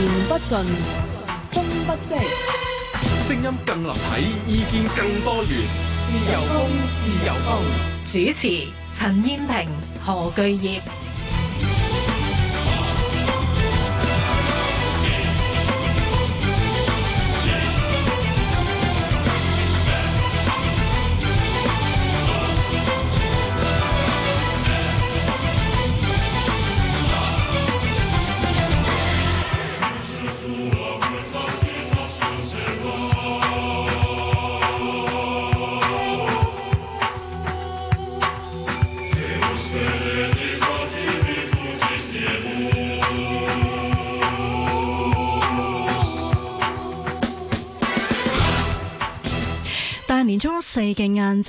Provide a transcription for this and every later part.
言不盡，風不息。聲音更立體，意見更多元。自由風，自由風。主持：陳燕萍、何巨業。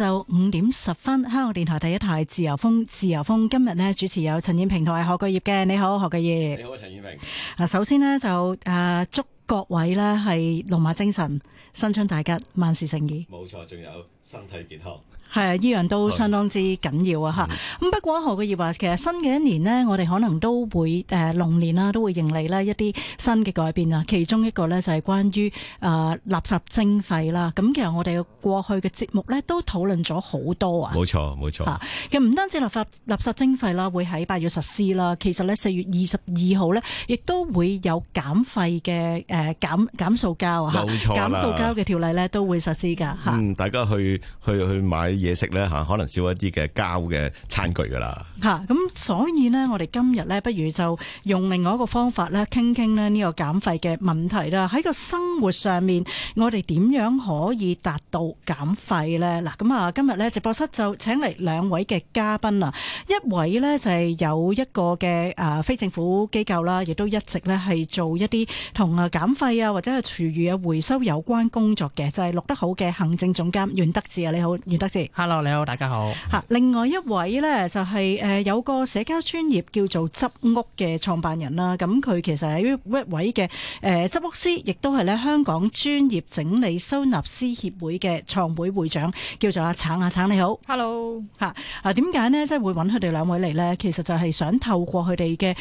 就五點十分，香港電台第一台自由風，自由風今日呢主持有陳燕平同埋何巨業嘅，你好何巨業，你好陳燕平。嗱，首先呢，就誒祝各位呢係龍馬精神，新春大吉，萬事勝意。冇錯，仲有身體健康。係啊，依然都相當之緊要的啊！嚇咁不過何個葉話，其實新嘅一年呢，我哋可能都會誒龍、呃、年啦，都會迎嚟咧一啲新嘅改變啊。其中一個呢，就係關於誒、呃、垃圾徵費啦。咁、啊、其實我哋嘅過去嘅節目呢，都討論咗好多啊。冇錯，冇錯、啊。其實唔單止立法垃圾徵費啦，會喺八月實施啦，其實呢，四月二十二號呢，亦都會有減費嘅誒減減數交嚇，減數交嘅條例呢，都會實施㗎嚇、啊嗯。大家去去去買，嘢食咧嚇，可能少一啲嘅膠嘅餐具噶啦嚇，咁、啊、所以呢，我哋今日呢，不如就用另外一個方法咧，傾傾咧呢個減廢嘅問題啦。喺個生活上面，我哋點樣可以達到減廢呢？嗱，咁啊，今日呢，直播室就請嚟兩位嘅嘉賓啊，一位呢，就係、是、有一個嘅啊非政府機構啦，亦都一直呢，係做一啲同啊減廢啊或者係廚餘啊、回收有關工作嘅，就係、是、綠德好嘅行政總監袁德志啊，你好，袁德志。hello，你好，大家好。嚇，另外一位呢，就係誒有個社交專頁叫做執屋嘅創辦人啦，咁佢其實係一位嘅誒執屋師，亦都係咧香港專業整理收納師協會嘅創會會長，叫做阿橙，阿橙你好。hello，嚇，啊點解呢？即係會揾佢哋兩位嚟呢？其實就係想透過佢哋嘅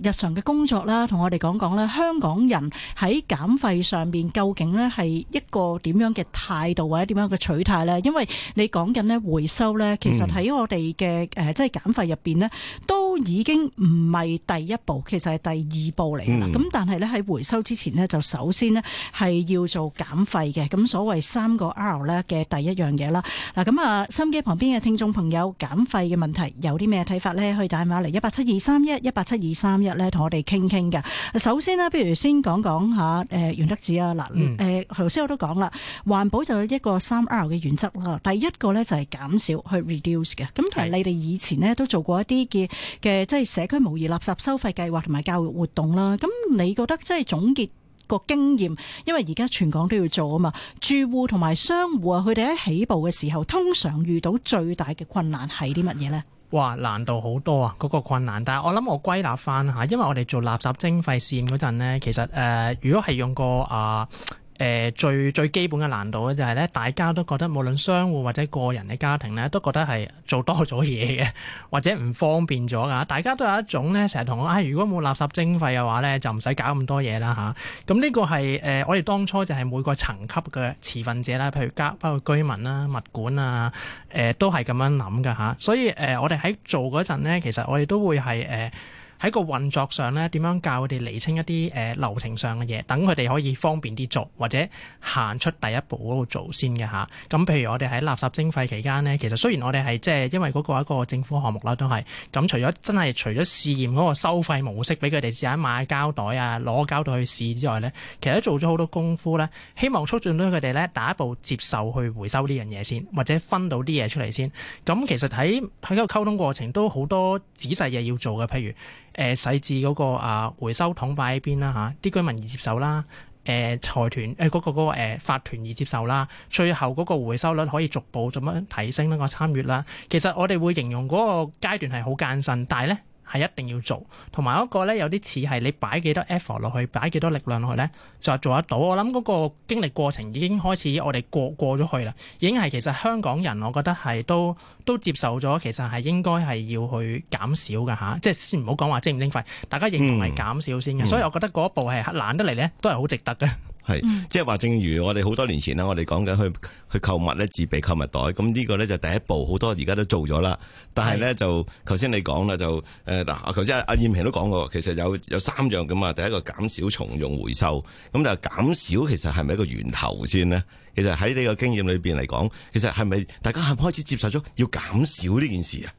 誒日常嘅工作啦，同我哋講講呢香港人喺減廢上面究竟咧係一個點樣嘅態度或者點樣嘅取態呢？因為你講緊回收咧，其實喺我哋嘅誒，即係減費入邊呢，都已經唔係第一步，其實係第二步嚟噶啦。咁、嗯、但係呢，喺回收之前呢，就首先呢係要做減費嘅。咁所謂三個 R 咧嘅第一樣嘢啦。嗱，咁啊，心機旁邊嘅聽眾朋友，減費嘅問題有啲咩睇法呢？可以打電話嚟一八七二三一一八七二三一咧，同我哋傾傾噶。首先呢，不如先講講下誒袁德志啊。嗱、呃，誒頭先我都講啦，環保就有一個三 R 嘅原則咯。第一個。咧就係減少去 reduce 嘅，咁同埋你哋以前呢都做過一啲嘅嘅，是即係社區模擬垃圾收費計劃同埋教育活動啦，咁你覺得即係總結個經驗，因為而家全港都要做啊嘛，住戶同埋商戶啊，佢哋喺起步嘅時候通常遇到最大嘅困難係啲乜嘢呢？哇，難度好多啊，嗰、那個困難。但係我諗我歸納翻下，因為我哋做垃圾徵費試驗嗰陣呢，其實誒、呃，如果係用個啊。呃誒、呃、最最基本嘅難度咧，就係咧，大家都覺得無論商戶或者個人嘅家庭咧，都覺得係做多咗嘢嘅，或者唔方便咗噶。大家都有一種咧，成日同我講、哎：，如果冇垃圾徵費嘅話咧，就唔使搞咁多嘢啦嚇。咁、啊、呢個係誒、呃，我哋當初就係每個層級嘅持份者啦，譬如家包括居民啦、啊、物管啊，誒、呃、都係咁樣諗噶嚇。所以誒、呃，我哋喺做嗰陣咧，其實我哋都會係誒。呃喺個運作上咧，點樣教佢哋釐清一啲誒、呃、流程上嘅嘢，等佢哋可以方便啲做，或者行出第一步嗰度做先嘅吓，咁、啊、譬如我哋喺垃圾徵費期間咧，其實雖然我哋係即係因為嗰個一個政府項目啦，都係咁、啊、除咗真係除咗試驗嗰個收費模式俾佢哋試下買膠袋啊，攞膠袋去試之外咧，其實都做咗好多功夫咧，希望促進到佢哋咧第一步接受去回收呢樣嘢先，或者分到啲嘢出嚟先。咁、啊、其實喺喺個溝通過程都好多仔細嘢要做嘅，譬如，誒細至嗰個啊回收桶擺喺邊啦嚇，啲居民而接受啦，誒財團誒嗰、嗰個、嗰個法團而接受啦，最後嗰個回收率可以逐步咁樣提升咧個參與啦。Awards, 其實我哋會形容嗰個階段係好艱辛，但係咧。係一定要做，同埋嗰個咧，有啲似係你擺幾多 effort 落去，擺幾多力量落去咧，就做得到。我諗嗰個經歷過程已經開始我，我哋過過咗去啦，已經係其實香港人，我覺得係都都接受咗，其實係應該係要去減少嘅吓、啊，即係先唔好講話徵唔徵費，大家認同係減少先嘅。嗯、所以我覺得嗰一步係難得嚟咧，都係好值得嘅。係，即係話，正如我哋好多年前啦，我哋講緊去去購物咧，自備購物袋，咁呢個咧就第一步，好多而家都做咗啦。但係咧就，就，頭先你講啦，就誒、啊，嗱，頭先阿葉平都講過，其實有有三樣咁啊，第一個減少重用回收，咁就減少其實係咪一個源頭先呢？其實喺呢個經驗裏邊嚟講，其實係咪大家係開始接受咗要減少呢件事啊？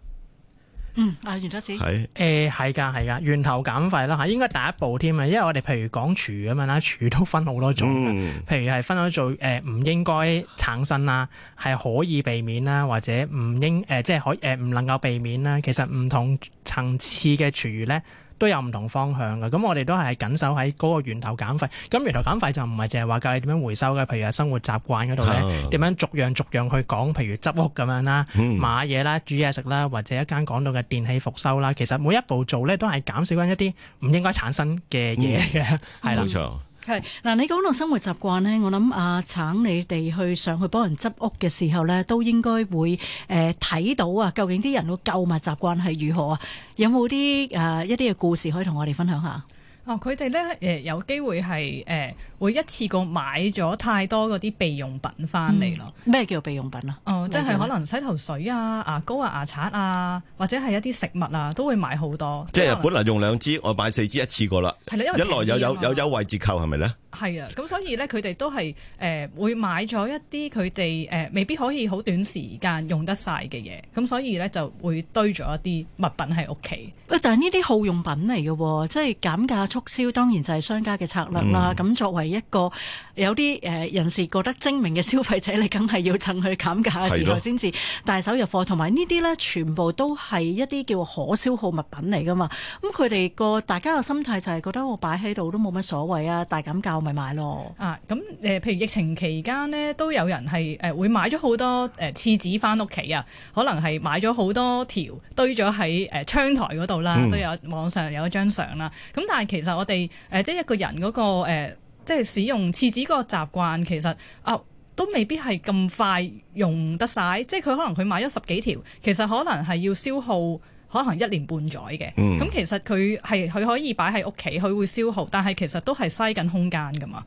嗯，啊，袁總子，係誒，係噶，係噶，源頭減廢啦吓，應該第一步添啊，因為我哋譬如講廚餘咁樣啦，廚餘都分好多種，嗯、譬如係分咗做誒，唔、呃、應該產生啦，係可以避免啦，或者唔應誒、呃，即係可誒，唔、呃、能夠避免啦，其實唔同層次嘅廚餘咧。都有唔同方向嘅，咁我哋都係緊守喺嗰個源頭減廢。咁源頭減廢就唔係淨係話教你點樣回收嘅，譬如喺生活習慣嗰度咧，點、oh. 樣逐樣逐樣去講，譬如執屋咁樣啦，hmm. 買嘢啦，煮嘢食啦，或者一間講到嘅電器復修啦，其實每一步做咧都係減少緊一啲唔應該產生嘅嘢嘅，係啦、hmm. 的、冇錯。係嗱，你講到生活習慣咧，我諗阿、啊、橙你哋去上去幫人執屋嘅時候咧，都應該會誒睇、呃、到啊，究竟啲人個購物習慣係如何啊？有冇啲誒一啲嘅、呃、故事可以同我哋分享下？哦，佢哋咧，誒、呃、有機會係誒、呃、會一次過買咗太多嗰啲備用品翻嚟咯。咩、嗯、叫備用品啊？哦，即係可能洗頭水啊、牙膏啊、牙刷啊，或者係一啲食物啊，都會買好多。即係是本嚟用兩支，我買四支一次過啦。係啦，因為一來有有有優惠折扣，係咪咧？係啊，咁、嗯、所以咧，佢哋都係誒會買咗一啲佢哋誒未必可以好短時間用得晒嘅嘢，咁、嗯、所以咧就會堆咗一啲物品喺屋企。喂，但係呢啲耗用品嚟嘅，即係減價促銷，當然就係商家嘅策略啦。咁、嗯、作為一個有啲誒人士覺得精明嘅消費者，你梗係要趁佢減價嘅時候先至大手入貨。同埋的呢啲咧，全部都係一啲叫可消耗物品嚟噶嘛。咁佢哋個大家嘅心態就係覺得我擺喺度都冇乜所謂啊，大減價。買咯啊，咁、誒，譬如疫情期間咧，都有人係誒、呃、會買咗好多誒廁紙返屋企啊，可能係買咗好多條堆咗喺誒窗台嗰度啦，都有網上有一張相啦。咁但係其實我哋誒、呃、即係一個人嗰、嗰個誒、呃、即係使用廁紙個習慣，其實啊、呃、都未必係咁快用得晒，即係佢可能佢買咗十幾條，其實可能係要消耗。可能一年半載嘅，咁、嗯、其實佢係佢可以擺喺屋企，佢會消耗，但係其實都係嘥緊空間㗎嘛。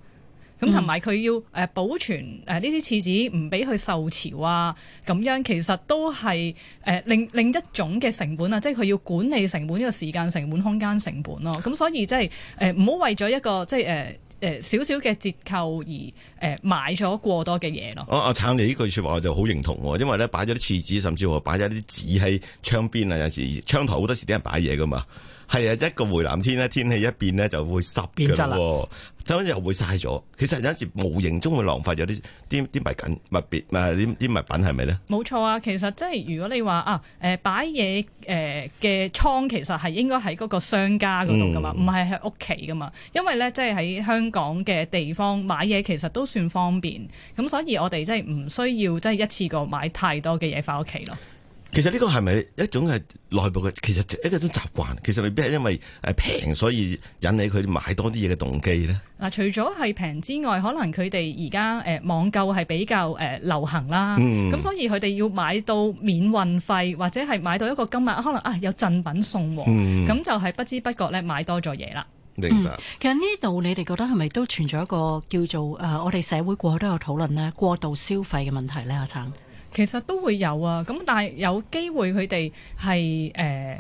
咁同埋佢要誒保存誒呢啲廁紙，唔俾佢受潮啊，咁樣其實都係誒、呃、另另一種嘅成本啊，即係佢要管理成本、呢個時間成本、空間成本咯。咁所以即係誒唔好為咗一個即係誒，呃誒少少嘅折扣而誒買咗過多嘅嘢咯。哦，阿橙你呢句説話我就好認同，啊，因為咧擺咗啲廁紙，甚至乎擺咗啲紙喺窗邊啊，有時窗台好多時啲人擺嘢噶嘛。係啊，一個回南天咧，天氣一變咧，就會濕變質噶，咁又會晒咗。其實有陣時無形中會浪費咗啲啲啲物緊物別啊啲啲物品係咪咧？冇錯啊，其實即係如果你話啊，誒擺嘢誒嘅倉，倉其實係應該喺嗰個商家嗰度噶嘛，唔係喺屋企噶嘛。因為咧，即係喺香港嘅地方買嘢，其實都算方便。咁所以我哋即係唔需要即係一次過買太多嘅嘢翻屋企咯。其實呢個係咪一種係內部嘅，其實一種習慣。其實未必係因為誒平，所以引起佢買多啲嘢嘅動機咧。嗱，除咗係平之外，可能佢哋而家誒網購係比較誒流行啦。咁、嗯、所以佢哋要買到免運費，或者係買到一個今日可能啊有贈品送，咁、嗯、就係不知不覺咧買多咗嘢啦。明白。嗯、其實呢度你哋覺得係咪都存在一個叫做誒、呃、我哋社會過去都有討論過過度消費嘅問題咧，阿、啊、橙？橙其實都會有啊，咁但係有機會佢哋係誒，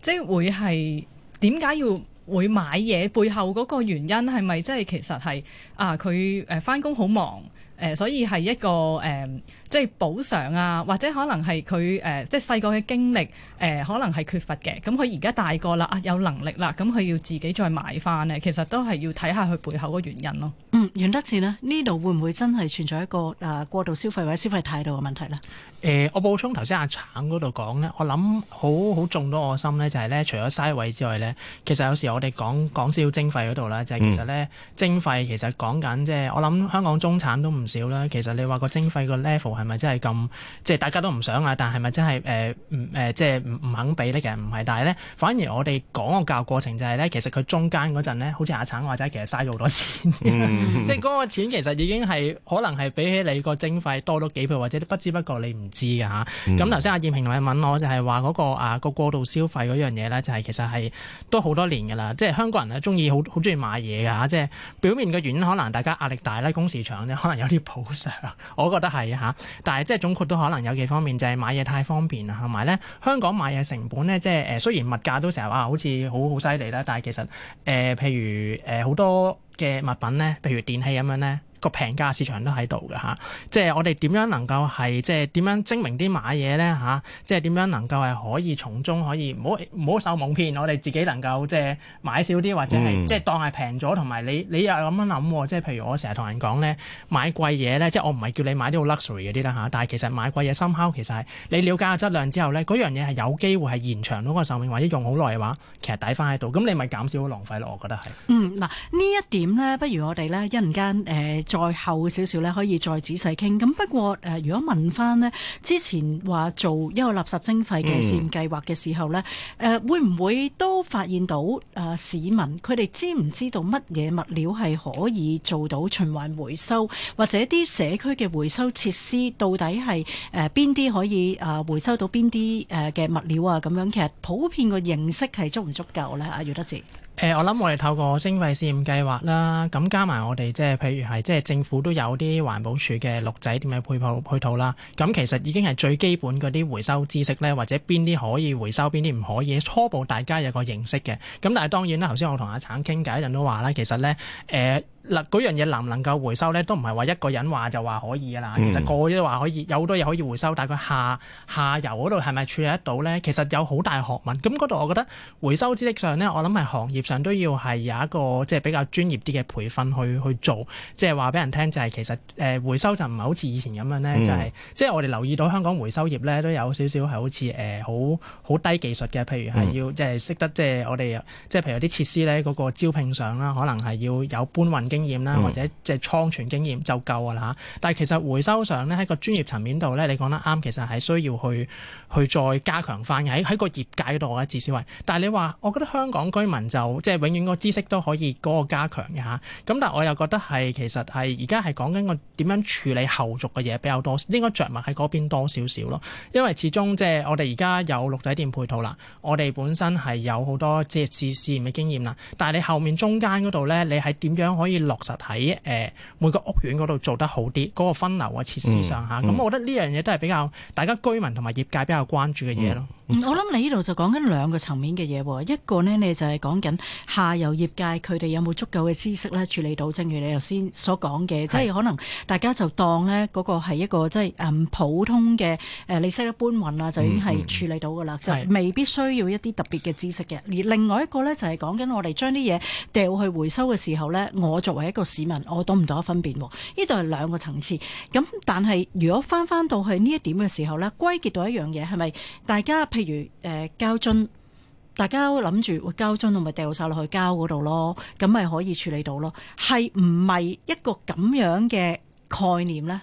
即係會係點解要會買嘢？背後嗰個原因係咪即係其實係啊？佢誒返工好忙誒、呃，所以係一個誒。呃即係補償啊，或者可能係佢誒，即係細個嘅經歷誒、呃，可能係缺乏嘅。咁佢而家大個啦，啊有能力啦，咁佢要自己再買翻咧，其實都係要睇下佢背後個原因咯。嗯，袁德志呢度會唔會真係存在一個誒過度消費或者消費態度嘅問題咧？誒、呃，我補充頭先阿橙嗰度講咧，我諗好好中到我心咧，就係咧，除咗嘥位之外咧，其實有時我哋講講少少徵費嗰度咧，就係、是、其實咧徵費其實講緊即係我諗香港中產都唔少啦，其實你話個徵費個 level 係咪 真係咁？即係大家都唔想啊，但係咪真係誒？唔、呃呃呃呃、即係唔肯俾呢？其實唔係，但係咧，反而我哋講個教育過程就係、是、咧，其實佢中間嗰陣咧，好似阿橙話齋，其實嘥咗好多錢。即係嗰個錢其實已經係可能係比起你個徵費多咗幾倍，或者不知不覺你唔知㗎吓。咁頭先阿燕平咪問我就係話嗰個啊個過度消費嗰樣嘢咧，就係、是、其實係都好多年噶啦。即、就、係、是、香港人咧中意好好中意買嘢㗎吓。即、啊、係、就是、表面嘅原因可能大家壓力大啦，工時長咧，可能有啲補償。我覺得係吓。啊但係即係總括都可能有幾方面，就係、是、買嘢太方便啦，同埋咧香港買嘢成本咧，即係誒雖然物價都成日話好似好好犀利啦，但係其實誒、呃、譬如誒好、呃、多嘅物品咧，譬如電器咁樣咧。個平價市場都喺度嘅嚇，即係我哋點樣能夠係即係點樣精明啲買嘢咧嚇？即係點樣，樣能夠係可以從中可以唔好唔好受蒙騙？我哋自己能夠即係買少啲，或者係即係當係平咗，同埋你你又咁樣諗？即係譬如我成日同人講咧，買貴嘢咧，即係我唔係叫你買啲好 luxury 嗰啲啦嚇，但係其實買貴嘢 somehow 其實係你了解下質量之後咧，嗰樣嘢係有機會係延長到個壽命，或者用好耐嘅話，其實抵翻喺度，咁你咪減少咗浪費咯。我覺得係。嗯，嗱呢一點咧，不如我哋咧一陣間誒。呃再後少少咧，可以再仔細傾。咁不過誒、呃，如果問翻咧，之前話做一個垃圾徵費嘅試驗計劃嘅時候呢誒、嗯呃、會唔會都發現到誒、呃、市民佢哋知唔知道乜嘢物料係可以做到循環回收，或者啲社區嘅回收設施到底係誒邊啲可以誒、呃、回收到邊啲誒嘅物料啊？咁樣其實普遍嘅認識係足唔足夠呢？阿、啊、袁德志。誒、呃，我諗我哋透過徵費試驗計劃啦，咁加埋我哋即係譬如係即係政府都有啲環保署嘅綠仔點嘅配套配套啦，咁其實已經係最基本嗰啲回收知識咧，或者邊啲可以回收邊啲唔可以，初步大家有個認識嘅。咁但係當然啦，頭先我同阿橙傾偈，人都話啦，其實咧，誒、呃。嗱，嗰樣嘢能唔能夠回收咧，都唔係話一個人話就話可以噶啦。嗯、其實個個話可以，有好多嘢可以回收，但係佢下下游嗰度係咪處理得到咧？其實有好大學問，咁嗰度我覺得回收知識上咧，我諗係行業上都要係有一個即係比較專業啲嘅培訓去去做，即係話俾人聽，就係、是、其實誒、呃、回收就唔係好似以前咁樣咧、嗯就是，就係即係我哋留意到香港回收業咧都有少少係好似誒、呃、好好低技術嘅，譬如係要、嗯、即係識得即係我哋即係譬如啲設施咧，嗰個招聘上啦，可能係要有搬運。嗯、經驗啦，或者即係倉存經驗就夠噶啦嚇。但係其實回收上咧，喺個專業層面度咧，你講得啱，其實係需要去去再加強翻喺喺個業界度，我至少係。但係你話，我覺得香港居民就即係永遠個知識都可以嗰個加強嘅嚇。咁但係我又覺得係其實係而家係講緊個點樣處理後續嘅嘢比較多，應該著墨喺嗰邊多少少咯。因為始終即係我哋而家有鹿仔店配套啦，我哋本身係有好多即係自試驗嘅經驗啦。但係你後面中間嗰度咧，你係點樣可以？落實喺、誒、呃、每個屋苑嗰度做得好啲，嗰、嗰個分流、嗯嗯、啊設施上吓。咁我覺得呢樣嘢都係比較大家居民同埋業界比較關注嘅嘢咯。嗯嗯嗯、我諗你呢度就講緊兩個層面嘅嘢一個咧，你就係講緊下游業界佢哋有冇足夠嘅知識咧處理到，正如你頭先所講嘅，是即係可能大家就當咧嗰個係一個即係嗯普通嘅誒你識得搬運啊就已經係處理到噶啦，嗯嗯、就未必需要一啲特別嘅知識嘅。而另外一個咧就係講緊我哋將啲嘢掉去回收嘅時候咧，我做。為一個市民，我懂唔懂得分辨啊？呢度係兩個層次。咁但係如果翻翻到去呢一點嘅時候咧，歸結到一樣嘢，係咪大家譬如誒膠樽，大家諗住，喂膠樽我咪掉晒落去膠嗰度咯，咁咪可以處理到咯？係唔係一個咁樣嘅概念咧？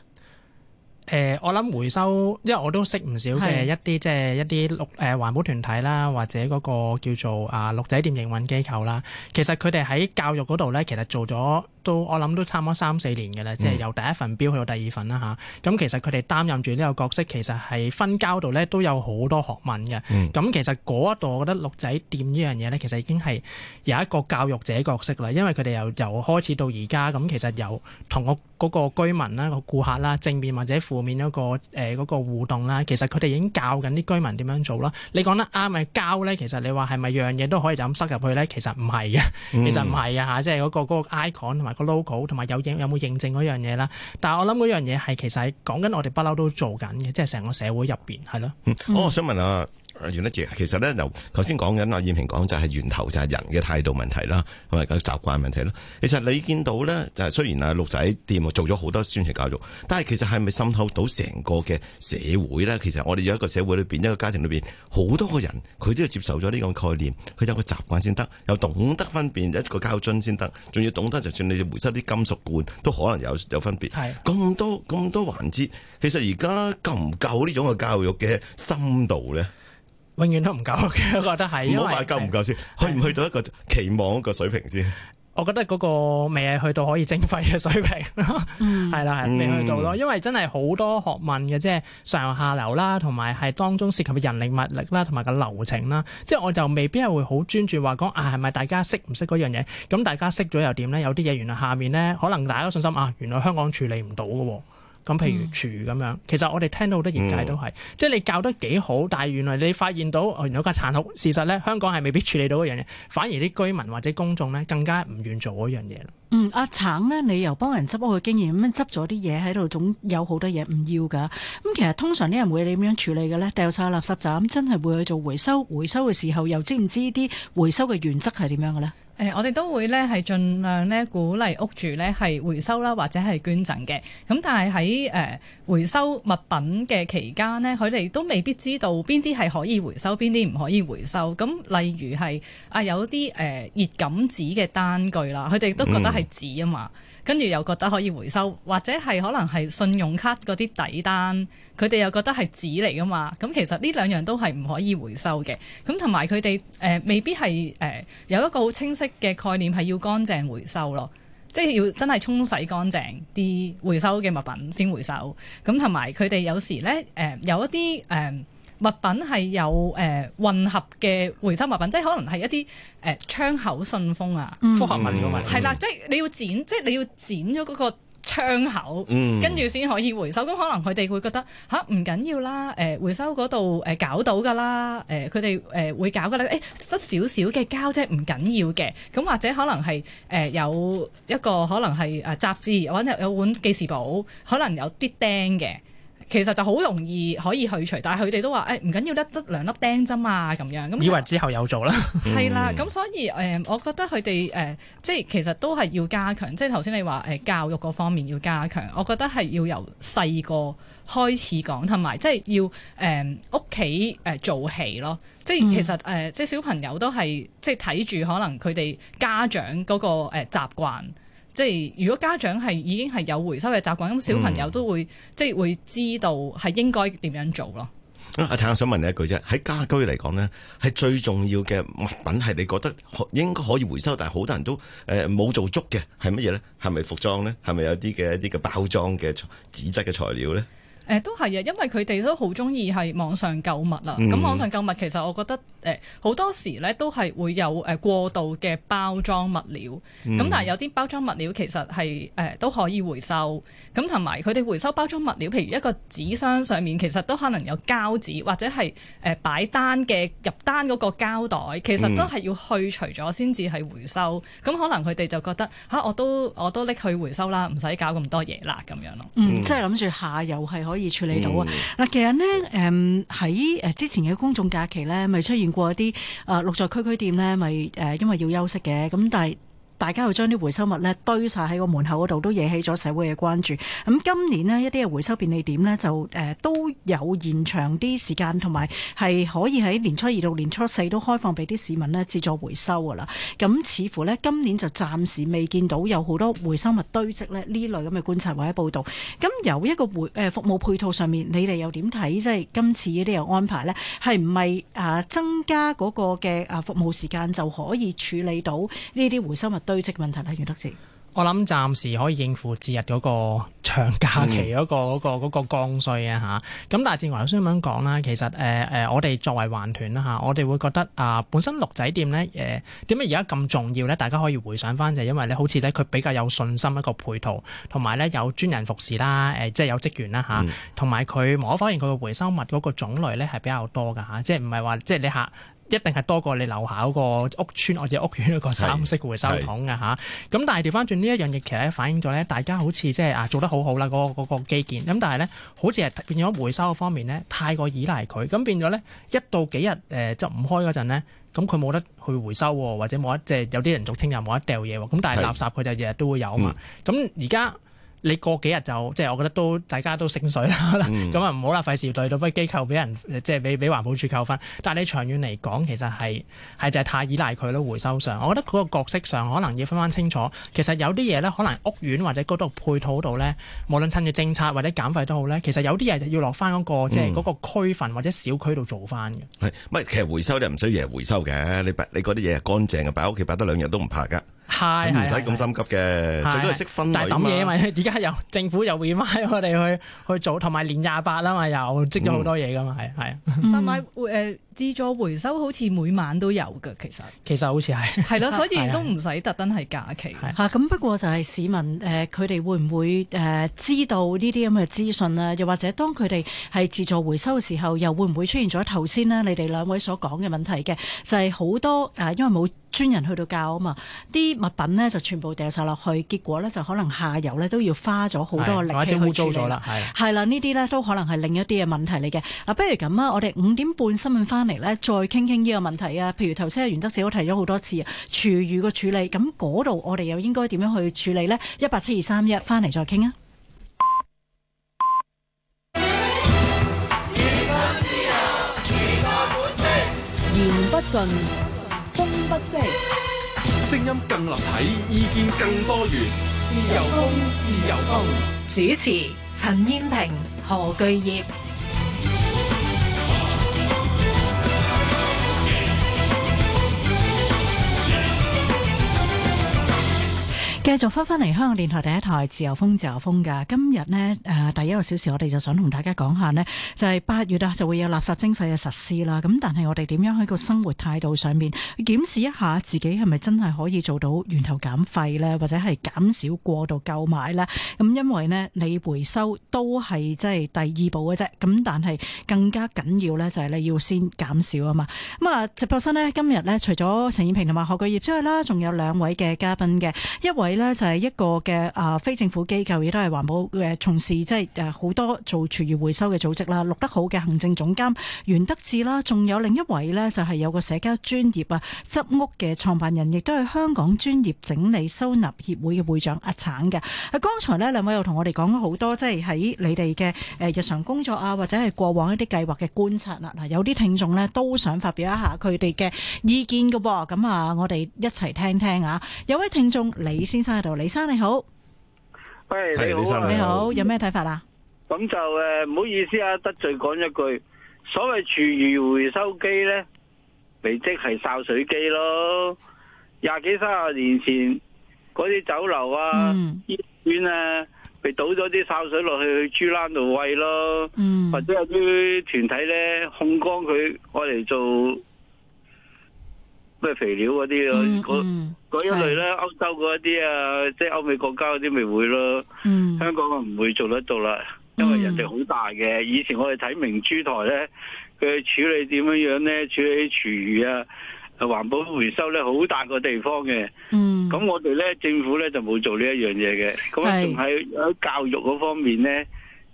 誒、呃，我諗回收，因為我都識唔少嘅一啲即係一啲綠誒環保團體啦，或者嗰個叫做啊綠仔店營運機構啦。其實佢哋喺教育嗰度咧，其實做咗都我諗都差唔多三四年嘅咧，即係、嗯、由第一份標去到第二份啦吓，咁、啊、其實佢哋擔任住呢個角色，其實係分膠度咧都有好多學問嘅。咁、嗯、其實嗰一度，我覺得綠仔店呢樣嘢咧，其實已經係有一個教育者角色啦，因為佢哋由由開始到而家咁，其實由同屋。嗰個居民啦，個顧客啦，正面或者負面一個誒嗰、呃那個互動啦，其實佢哋已經教緊啲居民點樣做啦。你講得啱咪教咧，其實你話係咪樣嘢都可以就咁塞入去咧？其實唔係嘅，嗯、其實唔係啊嚇，即係嗰、那個那個 icon 同埋個 logo 同埋有影有冇認證嗰樣嘢啦。但係我諗嗰樣嘢係其實係講緊我哋不嬲都做緊嘅，即係成個社會入邊係咯。好、嗯哦，我想問下、啊。完得其實呢，由頭先講緊阿燕平講就係源頭就係人嘅態度問題啦，同埋個習慣問題咯。其實你見到呢，就係雖然啊六仔店做咗好多宣傳教育，但係其實係咪滲透到成個嘅社會呢？其實我哋有一個社會裏邊，一個家庭裏邊，好多個人佢都要接受咗呢個概念，佢有個習慣先得，又懂得分辨一個膠樽先得，仲要懂得就算你回收啲金屬罐都可能有有分別。咁是多咁多環節，其實而家夠唔夠呢種嘅教育嘅深度呢？永遠都唔夠，我覺得係。唔好話夠唔夠先，夠夠欸、去唔去到一個期望一個水平先？我覺得嗰個未係去到可以徵費嘅水平咯，係啦係，未去到咯。因為真係好多學問嘅，即係上下流啦，同埋係當中涉及嘅人力物力啦，同埋個流程啦。即係我就未必係會好專注話講啊，係咪大家識唔識嗰樣嘢？咁大家識咗又點咧？有啲嘢原來下面咧，可能大家都信心啊，原來香港處理唔到㗎喎。咁譬、嗯、如廚咁樣，其實我哋聽到好多業界都係，嗯、即係你教得幾好，但係原來你發現到原來有個殘酷事實咧，香港係未必處理到嗰樣嘢，反而啲居民或者公眾咧，更加唔願做嗰樣嘢。嗯，阿橙呢，你又幫人執屋嘅經驗，咁樣執咗啲嘢喺度，總有好多嘢唔要㗎。咁其實通常啲人會點樣處理嘅咧？掉晒垃圾站，真係會去做回收？回收嘅時候又知唔知啲回收嘅原則係點樣嘅咧？誒，我哋都會咧係盡量咧鼓勵屋主咧係回收啦，或者係捐贈嘅。咁但係喺誒回收物品嘅期間咧，佢哋都未必知道邊啲係可以回收，邊啲唔可以回收。咁例如係啊，有啲誒熱感紙嘅單據啦，佢哋都覺得係紙啊嘛。嗯跟住又覺得可以回收，或者係可能係信用卡嗰啲底單，佢哋又覺得係紙嚟㗎嘛？咁其實呢兩樣都係唔可以回收嘅。咁同埋佢哋誒未必係誒、呃、有一個好清晰嘅概念係要乾淨回收咯，即係要真係沖洗乾淨啲回收嘅物品先回收。咁同埋佢哋有時咧誒、呃、有一啲誒。呃物品係有誒、呃、混合嘅回收物品，即係可能係一啲誒、呃、窗口信封啊，複、嗯、合物料嘅物件。係啦、嗯嗯，即係你要剪，即係你要剪咗嗰個窗口，跟住先可以回收。咁可能佢哋會覺得吓，唔緊要啦，誒回收嗰度誒搞到㗎啦，誒佢哋誒會搞㗎啦。誒得少少嘅膠啫，唔緊要嘅。咁或者可能係誒有一個可能係誒雜誌，或者有本記事簿，可能有啲釘嘅。其實就好容易可以去除，但係佢哋都話：誒、欸、唔緊要得得兩粒釘啫啊。咁樣。咁以為之後有做啦。 係啦，咁所以誒、呃，我覺得佢哋誒，即係其實都係要加強。即係頭先你話誒、呃、教育嗰方面要加強，我覺得係要由細個開始講，同埋即係要誒屋企誒做戲咯。即係其實誒、呃，即係小朋友都係即係睇住，可能佢哋家長嗰個誒習慣。即係如果家長係已經係有回收嘅習慣，咁小朋友都會、嗯、即係會知道係應該點樣做咯。阿橙，我想問你一句啫，喺家居嚟講咧，係最重要嘅物品係你覺得應該可以回收，但係好多人都誒冇做足嘅係乜嘢咧？係咪服裝咧？係咪有啲嘅一啲嘅包裝嘅紙質嘅材料咧？誒都係啊，因為佢哋都好中意係網上購物啦。咁網上購物其實我覺得誒好、呃、多時咧都係會有誒過度嘅包裝物料。咁但係有啲包裝物料其實係誒、呃、都可以回收。咁同埋佢哋回收包裝物料，譬如一個紙箱上面其實都可能有膠紙或者係誒擺單嘅入單嗰個膠袋，其實都係要去除咗先至係回收。咁、嗯、可能佢哋就覺得吓、啊、我都我都拎去回收啦，唔使搞咁多嘢啦咁樣咯。嗯，即係諗住下游係可以。易處理到啊！嗱，嗯、其實咧，誒喺誒之前嘅公眾假期咧，咪出現過一啲誒綠在區區店咧，咪誒因為要休息嘅，咁但係，大家又將啲回收物咧堆晒喺個門口嗰度，都惹起咗社會嘅關注。咁今年呢，一啲嘅回收便利點呢，就誒都有延長啲時間，同埋係可以喺年初二到年初四都開放俾啲市民咧自助回收㗎喇。咁似乎呢，今年就暫時未見到有好多回收物堆積咧呢類咁嘅觀察或者報導。咁有一個回誒、呃、服務配套上面，你哋又點睇？即係今次呢啲嘅安排呢，係唔係誒增加嗰個嘅誒服務時間就可以處理到呢啲回收物？堆積問題係袁德志。我諗暫時可以應付節日嗰個長假期嗰、那個嗰、嗯那個嗰降稅啊嚇。咁但係正如頭先咁樣講啦，其實誒誒、呃呃，我哋作為環團啦嚇，我哋會覺得啊、呃，本身綠仔店咧誒，點解而家咁重要咧？大家可以回想翻就係、是、因為咧，好似咧佢比較有信心一個配套，同埋咧有專人服侍啦，誒、呃，即係有職員啦嚇，同埋佢我發現佢嘅回收物嗰個種類咧係比較多㗎嚇、啊，即係唔係話即係你客。一定係多過你樓下嗰個屋邨，或者屋苑嗰個三色回收桶嘅嚇，咁、啊、但係調翻轉呢一樣嘢，其實反映咗咧，大家好似即係啊做得好好啦，嗰、那、嗰、個那個基建，咁但係咧好似係變咗回收方面咧，太過依賴佢，咁變咗咧一到幾日誒、呃、執唔、是、開嗰陣咧，咁佢冇得去回收、啊、或者冇得即係、就是、有啲人做清潔冇得掉嘢喎，咁但係垃圾佢就日日都會有啊嘛，咁而家。嗯啊你過幾日就，即係我覺得都大家都勝水啦，咁啊唔好啦，費事對到啲機構俾人，即係俾俾環保署扣分。但係你長遠嚟講，其實係係就係太依賴佢咯，回收上，我覺得佢個角色上可能要分翻清楚。其實有啲嘢咧，可能屋苑或者嗰度配套度咧，無論趁住政策或者減費都好咧，其實有啲嘢要落翻嗰個即係嗰個區份或者小區度做翻嘅。係、嗯，唔其實回收你唔需要日日回收嘅，你你嗰啲嘢係乾淨嘅，擺屋企擺多兩日都唔怕㗎。係，唔使咁心急嘅，最多係識分類啊嘛。但係嘢而家又政府又會買我哋去去做，同埋年廿八啦嘛，又積咗好多嘢噶嘛，係係。但係誒自助回收好似每晚都有噶，其實其實好似係係啦，所以都唔使特登係假期。嚇， 咁、啊、不過就係市民誒，佢、呃、哋會唔會誒、呃、知道呢啲咁嘅資訊啊？又或者當佢哋係自助回收嘅時候，又會唔會出現咗頭先呢？你哋兩位所講嘅問題嘅，就係、是、好多誒、啊，因為冇。專人去到教啊嘛，啲物品呢就全部掉晒落去，結果呢，就可能下游呢都要花咗好多力氣去處理啦。係啦，呢啲呢都可能係另一啲嘅問題嚟嘅。嗱、啊，不如咁啊，我哋五點半新聞翻嚟呢，再傾傾呢個問題啊。譬如頭先阿袁德志都提咗好多次啊，廚餘嘅處理，咁嗰度我哋又應該點樣去處理呢？一八七二三一，翻嚟再傾啊。不聲音更立體，意見更多元，自由風，自由風。主持：陳燕萍、何巨業。繼續翻翻嚟香港電台第一台自由風自由風噶，今日呢，誒、呃、第一個小時我哋就想同大家講下呢就係、是、八月啊就會有垃圾徵費嘅實施啦。咁但係我哋點樣喺個生活態度上面檢視一下自己係咪真係可以做到源頭減費呢？或者係減少過度購買呢？咁因為呢，你回收都係即係第二步嘅啫。咁但係更加緊要呢，就係你要先減少啊嘛。咁啊，直播室呢，今日呢，除咗陳燕平同埋何國業之外啦，仲有兩位嘅嘉賓嘅，一位。咧就係一個嘅啊非政府機構，亦都係環保嘅從事，即係誒好多做廚餘回收嘅組織啦。綠德好嘅行政總監袁德志啦，仲有另一位呢，就係有個社交專頁啊執屋嘅創辦人，亦都係香港專業整理收納協會嘅會長阿橙嘅。啊，剛才呢，兩位又同我哋講咗好多，即係喺你哋嘅誒日常工作啊，或者係過往一啲計劃嘅觀察啦。嗱，有啲聽眾呢都想發表一下佢哋嘅意見噶噃。咁啊，我哋一齊聽聽啊。有位聽眾，你先。李生，李生你好，喂，你好，hey, 你好，有咩睇法啊？咁就誒，唔好意思啊，得罪講一句，所謂廚餘回收機咧，咪即係潲水機咯。廿幾卅年前，嗰啲酒樓啊、醫院啊，咪倒咗啲潲水落去豬欄度餵咯，嗯、或者有啲團體咧，控乾佢，我嚟做。咩肥料嗰啲，嗰、嗯嗯、一類咧，歐是洲嗰啲啊，即係歐美國家嗰啲咪會咯。嗯、香港我唔會做得到啦，因為人哋好大嘅。以前我哋睇明珠台咧，佢處理點樣樣咧，處理廚餘啊，環保回收咧，好大個地方嘅。咁、嗯、我哋咧，政府咧就冇做呢一樣嘢嘅。咁啊，仲喺喺教育嗰方面咧。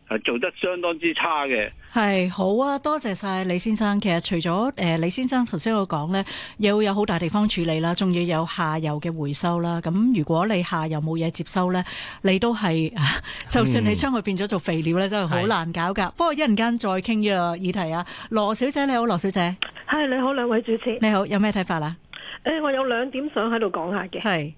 係做得相當之差嘅，係好啊！多謝晒李先生。其實除咗誒、呃，李先生頭先我講呢，要有好大地方處理啦，仲要有下游嘅回收啦。咁如果你下游冇嘢接收呢，你都係 就算你將佢變咗做肥料呢，都係好難搞噶。是不過一陣間再傾呢個議題啊，羅小姐你好，羅小姐係你好，兩位主持你好，有咩睇法啊？誒、呃，我有兩點想喺度講下嘅。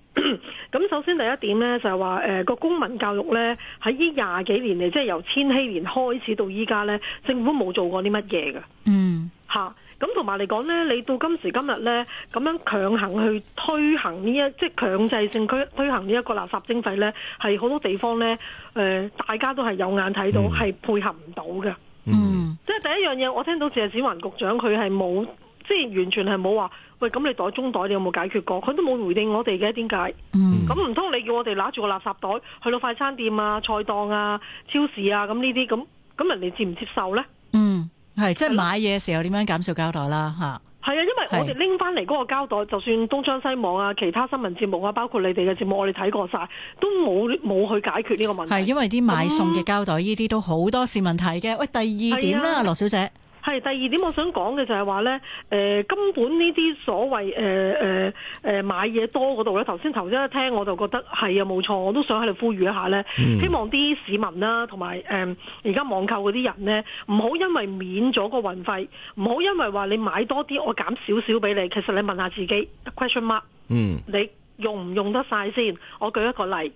咁首先第一點呢，就係話，誒個公民教育呢，喺呢廿幾年嚟，即係由千禧年開始到依家呢，政府冇做過啲乜嘢嘅，嗯吓。咁同埋嚟講呢，你到今時今日呢，咁樣強行去推行呢一，即係強制性推，推行呢一個垃圾徵費呢，係好多地方呢，誒、呃、大家都係有眼睇到，係、嗯、配合唔到嘅。嗯，即係第一樣嘢，我聽到謝展寰局長佢係冇，即係完全係冇話。喂，咁你袋中袋你有冇解決過？佢都冇回應我哋嘅，點解？嗯，咁唔通你叫我哋攞住個垃圾袋去到快餐店啊、菜檔啊、超市啊咁呢啲？咁咁人哋接唔接受呢？嗯，係，即係買嘢嘅時候點樣減少膠袋啦？吓？係啊，因為我哋拎翻嚟嗰個膠袋，就算東張西望啊，其他新聞節目啊，包括你哋嘅節目，我哋睇過晒，都冇冇去解決呢個問題。係因為啲買餸嘅膠袋呢啲都好多事問題嘅。喂，第二點啦，羅小姐。係第二點，我想講嘅就係話呢，誒根本呢啲所謂誒誒買嘢多嗰度咧，頭先頭先一聽我就覺得係啊冇錯，我都想喺度呼籲一下呢，嗯，希望啲市民啦，啊，同埋誒而家網購嗰啲人呢，唔好因為免咗個運費，唔好因為話你買多啲我減少少畀你，其實你問下自己 question mark，嗯，你用唔用得晒先？我舉一個例。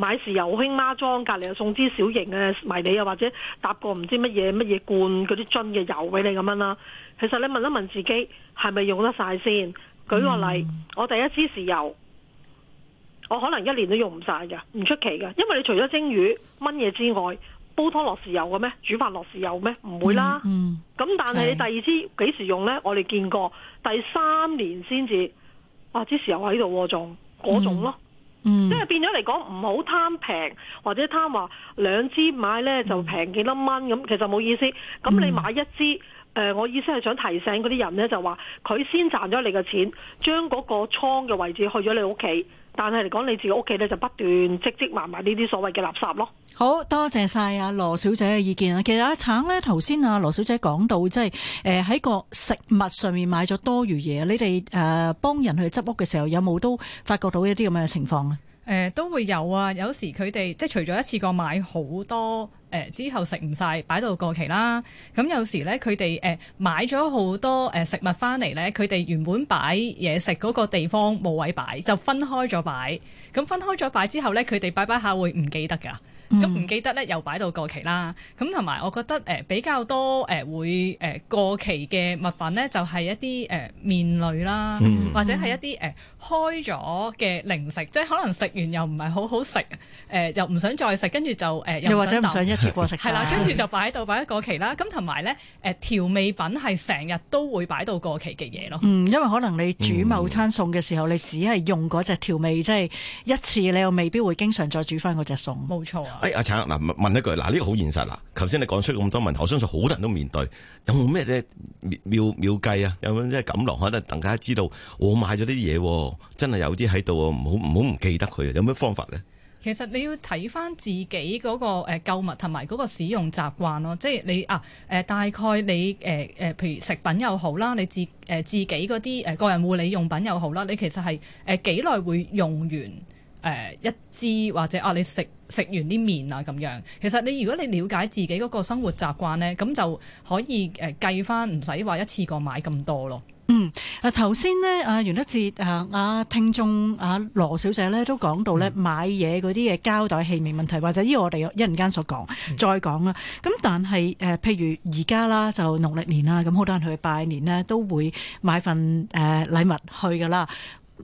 買豉油，興孖裝，隔籬又送支小型嘅迷你，又或者搭個唔知乜嘢乜嘢罐嗰啲樽嘅油俾你咁樣啦。其實你問一問自己，係咪用得晒先？舉個例，我第一支豉油，我可能一年都用唔晒㗎，唔出奇㗎，因為你除咗蒸魚炆嘢之外，煲湯落豉油嘅咩？煮飯落豉油咩？唔會啦。咁、嗯嗯、但係你第二支幾是時用呢？我哋見過第三年先至，哇、啊！支豉油喺度仲嗰種咯。嗯即係、嗯、變咗嚟講，唔好貪平或者貪話兩支買呢，就平幾粒蚊咁，其實冇意思。咁你買一支，嗯呃、我意思係想提醒嗰啲人呢，就話佢先賺咗你嘅錢，將嗰個倉嘅位置去咗你屋企。但係嚟講，你自己屋企咧，就不斷積積埋埋呢啲所謂嘅垃圾咯。好多謝晒阿羅小姐嘅意見啊！其實阿橙咧，頭先阿羅小姐講到，即係誒喺個食物上面買咗多餘嘢，你哋誒幫人去執屋嘅時候，有冇都發覺到一啲咁嘅情況咧？誒、呃、都會有啊！有時佢哋即係除咗一次過買好多誒、呃，之後食唔晒，擺到過期啦。咁有時咧，佢哋誒買咗好多誒、呃、食物翻嚟咧，佢哋原本擺嘢食嗰個地方冇位擺，就分開咗擺。咁分開咗擺之後咧，佢哋擺一擺下會唔記得噶。咁唔、嗯、記得咧，又擺到過期啦。咁同埋我覺得誒比較多誒會誒過期嘅物品咧，就係一啲誒麵類啦，嗯、或者係一啲誒。呃開咗嘅零食，即係可能食完又唔係好好食，誒又唔想再食，跟住就誒又或者唔想一次過食曬，係啦，跟住就擺到擺到過期啦。咁同埋咧誒調味品係成日都會擺到過期嘅嘢咯。嗯，因為可能你煮某餐餸嘅時候，你只係用嗰隻調味，即係一次，你又未必會經常再煮翻嗰隻餸。冇錯。誒阿橙嗱，問一句嗱，呢個好現實嗱，頭先你講出咁多問題，我相信好多人都面對。有冇咩咧妙妙計啊？有冇即係錦囊，可能大家知道我買咗啲嘢喎？哦、真係有啲喺度，唔好唔好唔記得佢，有咩方法咧？其實你要睇翻自己嗰個誒購物同埋嗰個使用習慣咯，即係你啊誒、呃、大概你誒誒、呃，譬如食品又好啦，你自誒、呃、自己嗰啲誒個人護理用品又好啦，你其實係誒幾耐會用完誒、呃、一支或者啊你食食完啲麵啊咁樣，其實你如果你了解自己嗰個生活習慣咧，咁就可以誒計翻，唔使話一次過買咁多咯。嗯，啊頭先呢，阿、啊、袁德志、啊，啊聽眾，啊羅小姐咧，都講到咧買嘢嗰啲嘅膠袋器皿問題，或者依我哋一陣間所講，嗯、再講啦。咁但係，誒、呃，譬如而家啦，就農曆年啦，咁好、嗯、多人去拜年呢，都會買份誒禮、呃、物去噶啦。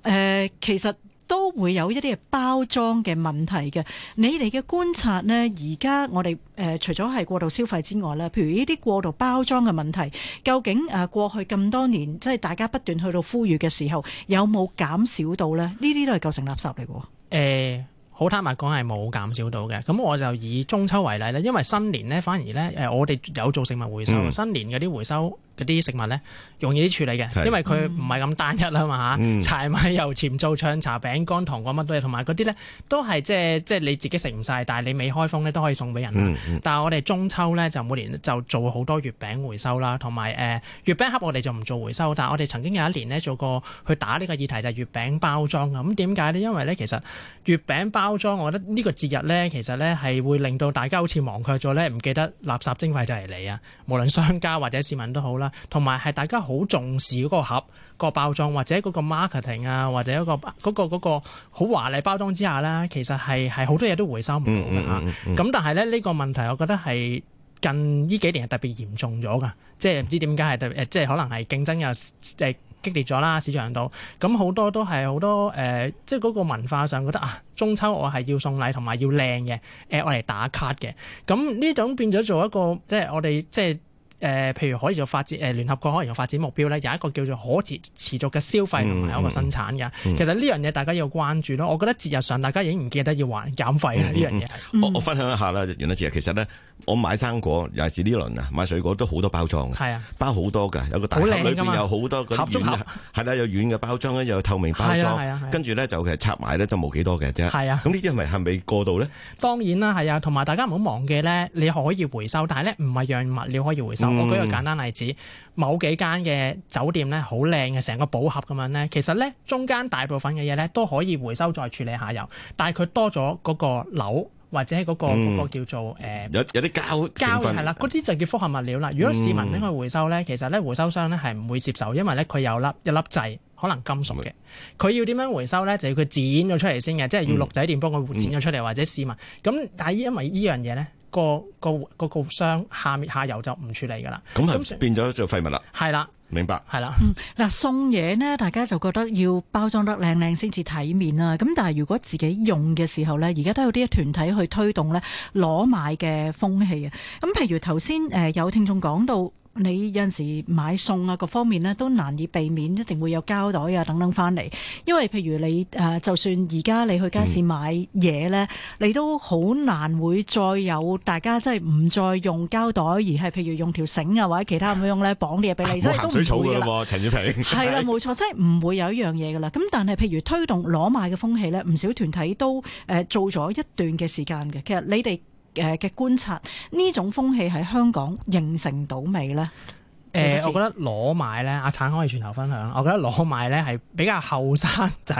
誒、呃，其實。都會有一啲嘅包裝嘅問題嘅，你哋嘅觀察呢，而家我哋誒、呃、除咗係過度消費之外呢，譬如呢啲過度包裝嘅問題，究竟誒過去咁多年，即係大家不斷去到呼籲嘅時候，有冇減少到呢？呢啲都係構成垃圾嚟嘅。誒、呃，好坦白講係冇減少到嘅。咁我就以中秋為例喇，因為新年呢，反而呢，誒，我哋有做食物回收，嗯、新年嗰啲回收。嗰啲食物咧，容易啲處理嘅，因為佢唔係咁單一啦嘛嚇，嗯、柴米油鹽醬醋茶餅乾糖果乜都係、就是，同埋嗰啲咧都係即係即係你自己食唔晒，但係你未開封咧都可以送俾人、嗯嗯、但係我哋中秋咧就每年就做好多月餅回收啦，同埋誒月餅盒我哋就唔做回收，但係我哋曾經有一年咧做過去打呢個議題就係、是、月餅包裝啊。咁點解呢？因為咧其實月餅包裝，我覺得個節呢個節日咧其實咧係會令到大家好似忘卻咗咧，唔記得垃，垃圾徵費就嚟嚟啊，無論商家或者市民都好啦。同埋係大家好重視嗰個盒，那個包裝，或者嗰個 marketing 啊，或者一，那個嗰，那個好，那個，華麗包裝之下咧，其實係係好多嘢都回收唔到嘅。咁但係咧呢，這個問題，我覺得係近呢幾年係特別嚴重咗噶，即係唔知點解係特誒，即係可能係競爭又誒激烈咗啦市場度。咁好多都係好多誒，呃，即係嗰個文化上覺得啊，中秋我係要送禮同埋要靚嘅誒，我，呃，嚟打卡嘅。咁呢種變咗做一個，即係我哋即係。誒、呃，譬如可以做發展，誒、呃、聯合國可能有發展目標咧，有一個叫做可持持續嘅消費同埋一個生產嘅。嗯嗯、其實呢樣嘢大家要關注咯。我覺得節日上大家已經唔記得要還減廢呢樣嘢。我分享一下啦，原來節日其實咧，我買生果尤其是呢輪啊，買水果都好多包裝。啊、包好多㗎，有個大盒，裏邊有好多個軟，啦、啊啊，有軟嘅包裝，又有透明包裝，啊啊啊、跟住咧就其實拆埋咧就冇幾多嘅啫。咁呢啲係咪係咪過度呢？當然啦，係啊，同埋大家唔好忘記呢，你可以回收，但係咧唔係讓物料可以回收。嗯我舉個簡單例子，某幾間嘅酒店咧好靚嘅，成個寶盒咁樣咧，其實咧中間大部分嘅嘢咧都可以回收再處理下游，但係佢多咗嗰個樓或者嗰、嗰個嗯、個叫做誒、呃、有有啲膠膠嘅啦，嗰啲分就叫複合物料啦。如果市民拎去、嗯、回收咧，其實咧回收商咧係唔會接受，因為咧佢有粒一粒掣，可能金屬嘅，佢要點樣回收咧，就要佢剪咗出嚟先嘅，嗯、即係要鹿仔店幫佢剪咗出嚟，或者市民。咁但係因為呢樣嘢咧。個個個商下面下游就唔處理㗎啦，咁係變咗做廢物啦。係啦的，明白係啦。嗱的、嗯，送嘢呢，大家就覺得要包裝得靚靚先至體面啦。咁但係如果自己用嘅時候呢，而家都有啲團體去推動呢攞買嘅風氣啊。咁譬如頭先誒有聽眾講到。你有陣時買餸啊，各方面咧都難以避免，一定會有膠袋啊等等翻嚟。因為譬如你誒，就算而家你去街市買嘢咧，嗯、你都好難會再有大家即係唔再用膠袋，而係譬如用條繩啊或者其他咁樣咧綁啲嘢俾你，即係都唔會嘅喎。陳小平係啦，冇是 錯，即係唔會有一樣嘢噶啦。咁但係譬如推動裸買嘅風氣咧，唔少團體都誒做咗一段嘅時間嘅。其實你哋。誒嘅觀察，呢種風氣喺香港形成到未咧？誒、呃，我覺得裸買咧，阿、啊、橙可以全球分享。我覺得裸買咧係比較後生仔，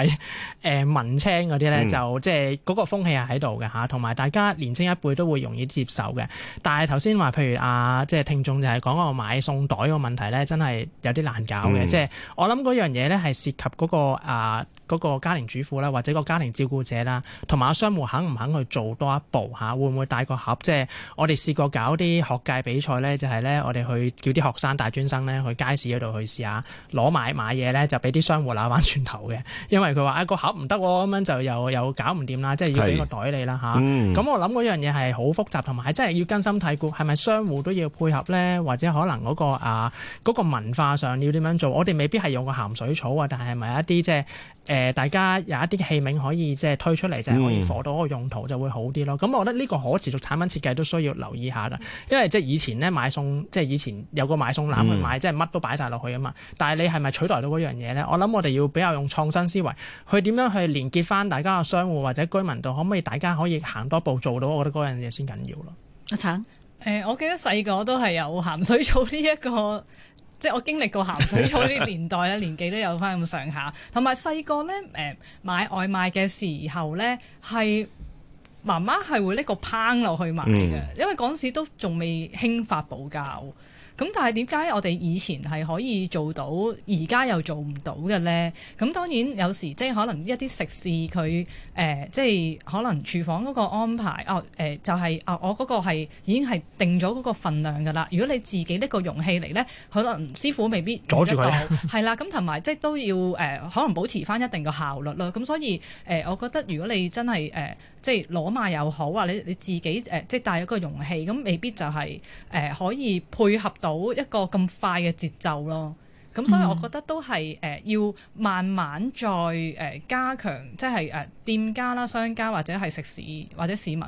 誒文青嗰啲咧，就即係嗰個風氣係喺度嘅嚇。同埋大家年青一輩都會容易接受嘅。但係頭先話，譬如阿即係聽眾就係講個買送袋個問題咧，真係有啲難搞嘅。即係，嗯就是，我諗嗰樣嘢咧，係涉及嗰，那個啊。嗰個家庭主婦啦，或者個家庭照顧者啦，同埋個商戶肯唔肯去做多一步嚇？會唔會帶個盒？即係我哋試過搞啲學界比賽呢，就係呢。我哋去叫啲學生、大專生呢，去街市嗰度去試下攞買買嘢呢，就俾啲商戶啊玩轉頭嘅。因為佢話啊個盒唔得咁樣，就又又搞唔掂啦。即係要俾個袋你啦嚇。咁、嗯啊、我諗嗰樣嘢係好複雜，同埋真係要根深蒂固。係咪商戶都要配合呢？或者可能嗰、嗰個啊嗰、嗰個、文化上要點樣做？我哋未必係用個鹹水草啊，但係係咪一啲即係誒，大家有一啲器皿可以即係推出嚟，就係、嗯、可以火到嗰個用途，就會好啲咯。咁我覺得呢個可持續產品設計都需要留意下啦。因為即係以前咧買餸，即、就、係、是、以前有個買餸籃去買，嗯、即係乜都擺晒落去啊嘛。但係你係咪取代到嗰樣嘢咧？我諗我哋要比較用創新思維，去點樣去連結翻大家嘅商戶或者居民度，可唔可以大家可以行多步做到？我覺得嗰樣嘢先緊要咯。阿橙、啊，誒、欸，我記得細個都係有鹹水草呢一、這個。即係我經歷過鹹水草嗰啲年代啊 年紀都有翻咁上下。同埋細個咧誒，買外賣嘅時候咧，係媽媽係會拎個煲落去買嘅，因為嗰陣時都仲未興發泡膠。咁但係點解我哋以前係可以做到，而家又做唔到嘅咧？咁當然有時即係可能一啲食肆佢誒，即係可能廚房嗰個安排啊誒、哦呃，就係、係、啊、哦、我嗰個係已經係定咗嗰個份量㗎啦。如果你自己拎個容器嚟咧，可能師傅未必阻住佢。係 啦，咁同埋即係都要誒、呃，可能保持翻一定嘅效率咯。咁所以誒、呃，我覺得如果你真係誒、呃即係攞賣又好啊！你你自己誒，即係帶一個容器，咁未必就係、是、誒、呃、可以配合到一個咁快嘅節奏咯。咁所以我覺得都係誒、呃、要慢慢再誒加強，即係誒店家啦、商家或者係食肆，或者市民，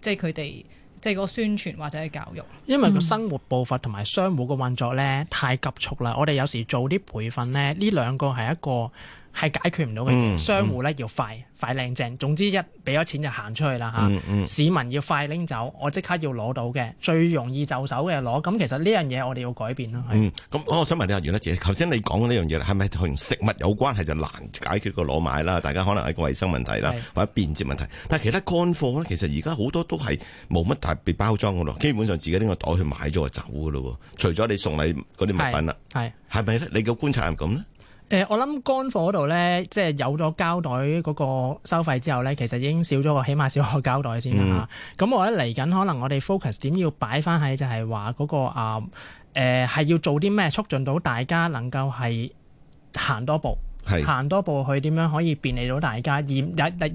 即係佢哋即係個宣傳或者係教育。因為個生活步伐同埋商戶嘅運作咧太急速啦，我哋有時做啲培訓咧，呢兩個係一個。係解決唔到嘅商戶咧要快、嗯、快靚正，總之一俾咗錢就行出去啦嚇。嗯嗯、市民要快拎走，我即刻要攞到嘅，最容易就手嘅攞。咁其實呢樣嘢我哋要改變啦。咁、嗯、我想問你阿源咧，謝頭先你講緊呢樣嘢啦，係咪同食物有關係就難解決個攞買啦？大家可能係個衞生問題啦，是或者便捷問題。但係其他乾貨咧，其實而家好多都係冇乜特別包裝嘅咯，基本上自己拎個袋去買咗就走嘅咯。除咗你送禮嗰啲物品啦，係係咪咧？是是是你嘅觀察係咁呢？誒、呃，我諗乾貨嗰度咧，即係有咗膠袋嗰個收費之後咧，其實已經少咗個，起碼少個膠袋先啦。咁、嗯、我覺得嚟緊可能我哋 focus 點要擺翻喺就係話嗰個啊誒，係要做啲咩促進到大家能夠係行多步。行是多步去點樣可以便利到大家，而亦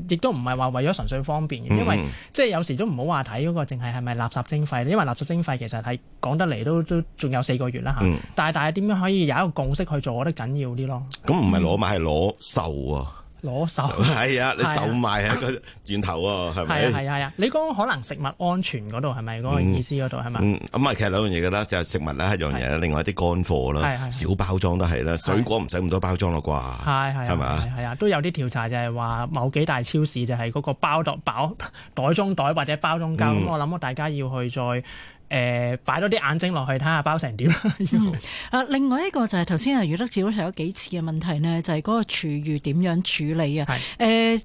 亦都唔係話為咗純粹方便，因為、嗯、即係有時都唔好話睇嗰個，淨係係咪垃圾徵費。因為垃圾徵費其實係講得嚟都都仲有四個月啦嚇、嗯，但係但係點樣可以有一個共識去做，我覺得緊要啲咯。咁唔係攞買係攞售啊？攞手係啊， 你手賣係一個轉頭喎，係 咪樂？係啊係啊，你講可能食物安全嗰度係咪嗰個意思嗰度係咪？咁啊、嗯，其實兩樣嘢噶啦，就係、是、食、就是、物啦一樣嘢，另外啲乾貨啦，小包裝都係啦，水果唔使咁多包裝咯啩，係係係嘛？係啊， 都有啲調查就係話某幾大超市就係嗰個包袋 包袋中袋或者包中膠，咁、嗯、我諗啊，大家要去再。誒擺、呃、多啲眼睛落去睇下包成點啊、 嗯！另外一個就係頭先啊，袁德志提咗幾次嘅問題呢就係、是、嗰個廚餘點樣處理啊？誒是，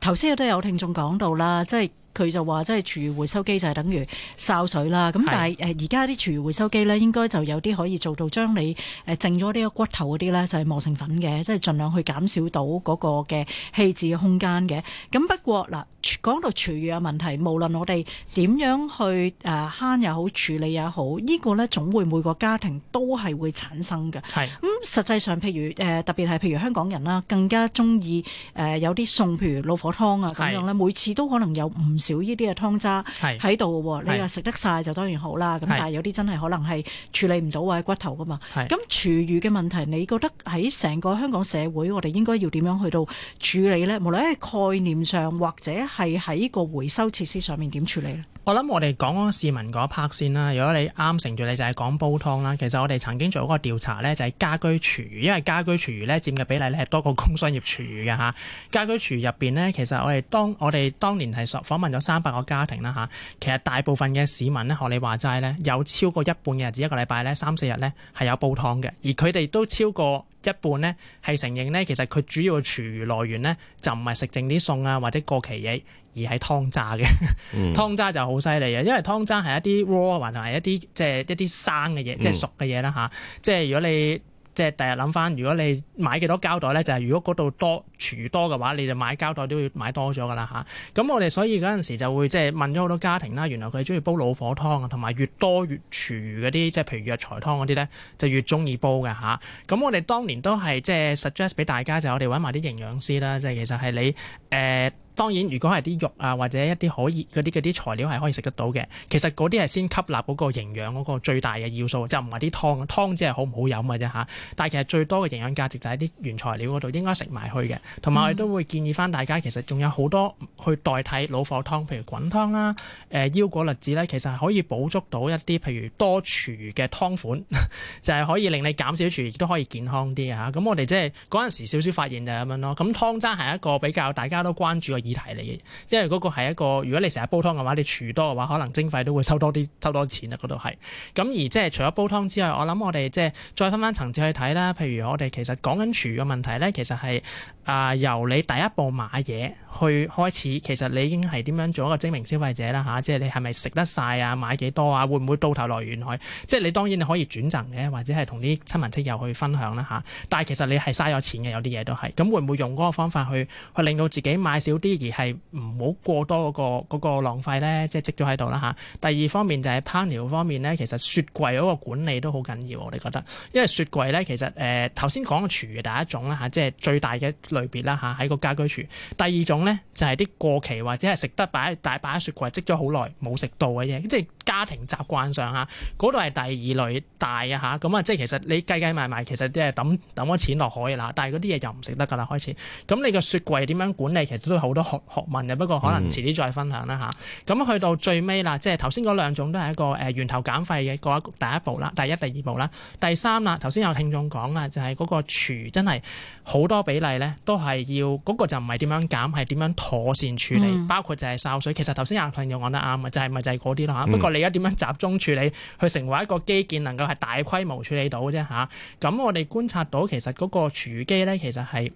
頭先都有聽眾講到啦，即係。佢就話，即係廚餘回收機就係等於潲水啦。咁是但係誒，而家啲廚餘回收機咧，應該就有啲可以做到將你誒剩咗呢個骨頭嗰啲咧，就係、是、磨成粉嘅，即係盡量去減少到嗰個嘅棄置嘅空間嘅。咁不過嗱，講到廚餘嘅問題，無論我哋點樣去誒慳又好處理又好，這個、呢個咧總會每個家庭都係會產生嘅。係咁是、嗯，實際上譬如誒、呃，特別係譬如香港人啦、啊，更加鍾意誒有啲餸，譬如老火湯啊咁樣咧，是每次都可能有唔少呢啲嘅湯渣喺度喎，是你又食得晒就當然好啦。咁是但係有啲真係可能係處理唔到，或者骨頭㗎嘛。咁是廚餘嘅問題，你覺得喺成個香港社會，我哋應該要點樣去到處理呢？無論係概念上，或者係喺個回收設施上面點處理呢？我諗我哋講嗰市民嗰 part 先啦，如果你啱乘住，你就係講煲湯啦。其實我哋曾經做過嗰個調查咧，就係家居廚餘，因為家居廚餘咧佔嘅比例咧係多過工商業廚餘嘅吓。家居廚餘入邊咧，其實我哋當我哋當年係訪訪問咗三百個家庭啦吓，其實大部分嘅市民咧，學你話齋咧，有超過一半嘅日子一個禮拜咧，三四日咧係有煲湯嘅，而佢哋都超過。一半咧係承認咧，其實佢主要廚餘來源咧就唔係食剩啲餸啊，或者過期嘢，而係湯渣嘅。 湯渣就好犀利嘅，因為湯渣係一啲 raw 或同埋一啲即係一啲生嘅嘢，即係 熟嘅嘢啦嚇。即係如果你即係第日諗翻，如果你買幾多膠袋咧，就係、是、如果嗰度多廚多嘅話，你就買膠袋都要買多咗噶啦吓，咁、啊、我哋所以嗰陣時就會即係問咗好多家庭啦，原來佢中意煲老火湯啊，同埋越多越廚嗰啲，即係譬如藥材湯嗰啲咧，就越中意煲嘅吓，咁、啊、我哋當年都係即係 suggest 俾大家，就係、我哋揾埋啲營養師啦，即係其實係你誒。呃當然，如果係啲肉啊，或者一啲可以嗰啲嗰啲材料係可以食得到嘅，其實嗰啲係先吸納嗰個營養嗰個最大嘅要素，就唔係啲湯。湯只係好唔好飲嘅啫嚇。但係其實最多嘅營養價值就喺啲原材料嗰度，應該食埋去嘅。同埋我哋都會建議翻大家，其實仲有好多去代替老火湯，譬如滾湯啦、誒、呃、腰果栗子咧，其實係可以補足到一啲譬如多廚餘嘅湯款， 就係可以令你減少廚餘，亦都可以健康啲嘅嚇。咁我哋即係嗰陣時少少發現就咁樣咯。咁湯渣係一個比較大家都關注嘅議題嚟嘅，即係嗰個係一個如果你成日煲湯嘅話，你廚多嘅話可能徵費都會收多啲，收多錢啊！嗰度係，咁而即係除咗煲湯之外，我諗我哋即係再分翻層次去睇啦。譬如我哋其實講緊廚嘅問題咧，其實係啊、呃、由你第一步買嘢去開始，其實你已經係點樣做一個精明消費者啦吓、啊，即係你係咪食得晒啊？買幾多啊？會唔會到頭來冤去，即係你當然你可以轉贈嘅，或者係同啲親朋戚友去分享啦吓、啊，但係其實你係嘥咗錢嘅，有啲嘢都係，咁會唔會用嗰個方法去去令到自己買少啲？而係唔好過多嗰、那個嗰個、嗰個浪費咧，即係積咗喺度啦嚇。第二方面就係烹調方面咧，其實雪櫃嗰個管理都好緊要，我哋覺得。因為雪櫃咧，其實誒頭先講廚嘅第一種啦嚇、啊，即係最大嘅類別啦嚇，喺、啊、個家居廚。第二種咧就係、係、啲過期或者係食得擺大擺喺雪櫃積咗好耐冇食到嘅嘢，即係家庭習慣上嚇，嗰度係第二類大嘅嚇。咁啊，啊，即係其實你計計埋埋，其實即係抌抌咗錢落海啦、啊。但係嗰啲嘢又唔食得噶啦，開始。咁你個雪櫃點樣管理其實都好多。學學問嘅，不過可能遲啲再分享啦吓，咁去、嗯、到最尾啦，即係頭先嗰兩種都係一個誒源頭減廢嘅過第一步啦，第一、第二步啦。第三啦，頭先有聽眾講啦，就係、是、嗰個廚真係好多比例咧，都係要嗰個就唔係點樣減，係點樣妥善處理，嗯、包括就係潲水。其實頭先阿朋友講得啱啊，就係、是、咪就係嗰啲啦嚇。嗯、不過你而家點樣集中處理，去成為一個基建能夠係大規模處理到啫吓，咁、啊、我哋觀察到其實嗰個廚機咧，其實係。